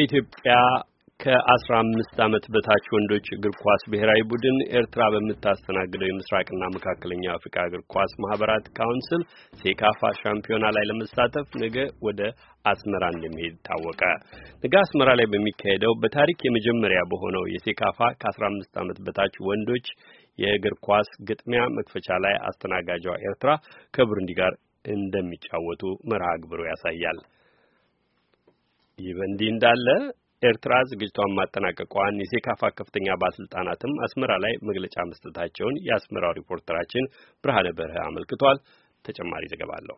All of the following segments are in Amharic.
የኢትዮጵያ ከአስራ አምስት ዓመት በታች ወንዶች እግር ኳስ ብሔራዊ ቡድን ኤርትራ በምታስተናግደው የምስራቅና መካከለኛ አፍሪካ እግር ኳስ ማህበራት ካውንስል ሴካፋ ሻምፒዮና ላይ ለመሳተፍ ነገ ወደ አስመራ እንደሚሄድ ታወቀ። ነገ አስመራ ላይ በሚካሄደው በታሪክ የመጀመሪያ በሆነው የሴካፋ ከአስራ አምስት ዓመት በታች ወንዶች የእግር ኳስ ግጥሚያ መክፈቻ ላይ አስተናጋጇ ኤርትራ ከብሩንዲ ጋር እንደሚጫወቱ መርሃ ግብሩ ያሳያል። ይህ በእንዲህ እንዳለ ኤርትራ ዝግጅቷን ማጠናቀቋን የሴካፋ ከፍተኛ ባለስልጣናትም አስመራ ላይ መግለጫ መስጠታቸውን የአስመራው ሪፖርተራችን ብርሃነ በርህ አመልክቷል። ተጨማሪ ዘገባ አለው።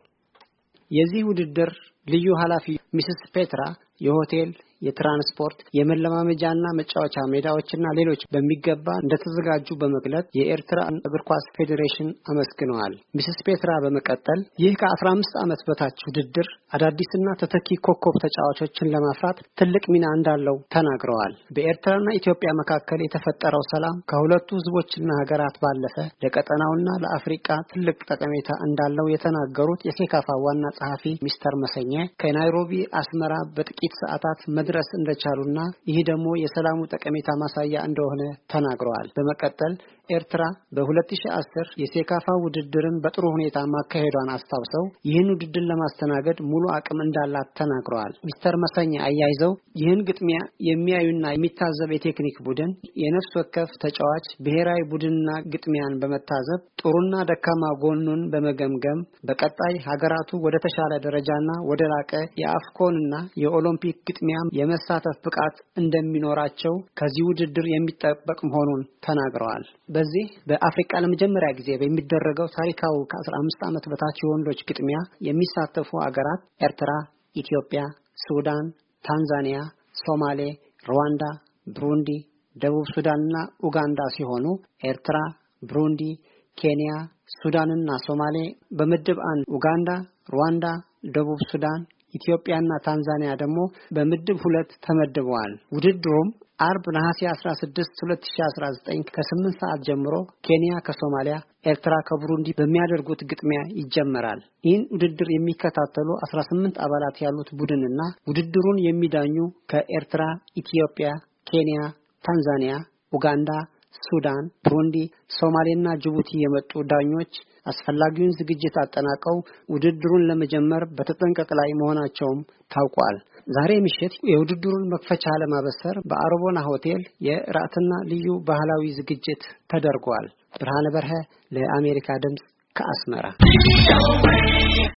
የዚህ ውድድር ልዩ ኃላፊ ሚስስ ፔትራ የሆቴል የትራንስፖርት የመለማመጃና መጫወቻ ሜዳዎችና ሌሎች በሚገባ እንደተዘጋጁ በመግለጽ የኤርትራ እግር ኳስ ፌዴሬሽን አመስግነዋል። ሚስስ ፔትራ በመቀጠል ይህ ከአስራ አምስት ዓመት በታች ውድድር አዳዲስና ተተኪ ኮከብ ተጫዋቾችን ለማፍራት ትልቅ ሚና እንዳለው ተናግረዋል። በኤርትራና ኢትዮጵያ መካከል የተፈጠረው ሰላም ከሁለቱ ህዝቦችና ሀገራት ባለፈ ለቀጠናውና ለአፍሪቃ ትልቅ ጠቀሜታ እንዳለው የተናገሩት የሴካፋ ዋና ጸሐፊ ሚስተር መሰኘ ከናይሮቢ አስመራ በጥቂት ሰዓታት መድረ መድረስ እንደቻሉና ይህ ደግሞ የሰላሙ ጠቀሜታ ማሳያ እንደሆነ ተናግረዋል። በመቀጠል ኤርትራ በ2010 የሴካፋ ውድድርን በጥሩ ሁኔታ ማካሄዷን አስታውሰው ይህን ውድድር ለማስተናገድ ሙሉ አቅም እንዳላት ተናግረዋል። ሚስተር መሰኛ አያይዘው ይህን ግጥሚያ የሚያዩና የሚታዘብ የቴክኒክ ቡድን፣ የነፍስ ወከፍ ተጫዋች፣ ብሔራዊ ቡድንና ግጥሚያን በመታዘብ ጥሩና ደካማ ጎኑን በመገምገም በቀጣይ ሀገራቱ ወደ ተሻለ ደረጃና ወደ ላቀ የአፍኮንና የኦሎምፒክ ግጥሚያ የመሳተፍ ብቃት እንደሚኖራቸው ከዚህ ውድድር የሚጠበቅ መሆኑን ተናግረዋል። በዚህ በአፍሪካ ለመጀመሪያ ጊዜ በሚደረገው ታሪካዊ ከ15 ዓመት በታች የወንዶች ግጥሚያ የሚሳተፉ አገራት ኤርትራ፣ ኢትዮጵያ፣ ሱዳን፣ ታንዛኒያ፣ ሶማሌ፣ ሩዋንዳ፣ ብሩንዲ፣ ደቡብ ሱዳንና ኡጋንዳ ሲሆኑ ኤርትራ፣ ብሩንዲ፣ ኬንያ፣ ሱዳንና ሶማሌ በምድብ አንድ ኡጋንዳ፣ ሩዋንዳ፣ ደቡብ ሱዳን፣ ኢትዮጵያና ታንዛኒያ ደግሞ በምድብ ሁለት ተመድበዋል። ውድድሩም አርብ ነሐሴ 16 2019 ከ8 ሰዓት ጀምሮ ኬንያ ከሶማሊያ፣ ኤርትራ ከቡሩንዲ በሚያደርጉት ግጥሚያ ይጀመራል። ይህን ውድድር የሚከታተሉ 18 አባላት ያሉት ቡድንና ውድድሩን የሚዳኙ ከኤርትራ፣ ኢትዮጵያ፣ ኬንያ፣ ታንዛኒያ፣ ኡጋንዳ ሱዳን፣ ብሩንዲ፣ ሶማሌና ጅቡቲ የመጡ ዳኞች አስፈላጊውን ዝግጅት አጠናቀው ውድድሩን ለመጀመር በተጠንቀቅ ላይ መሆናቸውም ታውቋል። ዛሬ ምሽት የውድድሩን መክፈቻ ለማበሰር በአሮቦና ሆቴል የእራትና ልዩ ባህላዊ ዝግጅት ተደርጓል። ብርሃነ በርሀ ለአሜሪካ ድምፅ ከአስመራ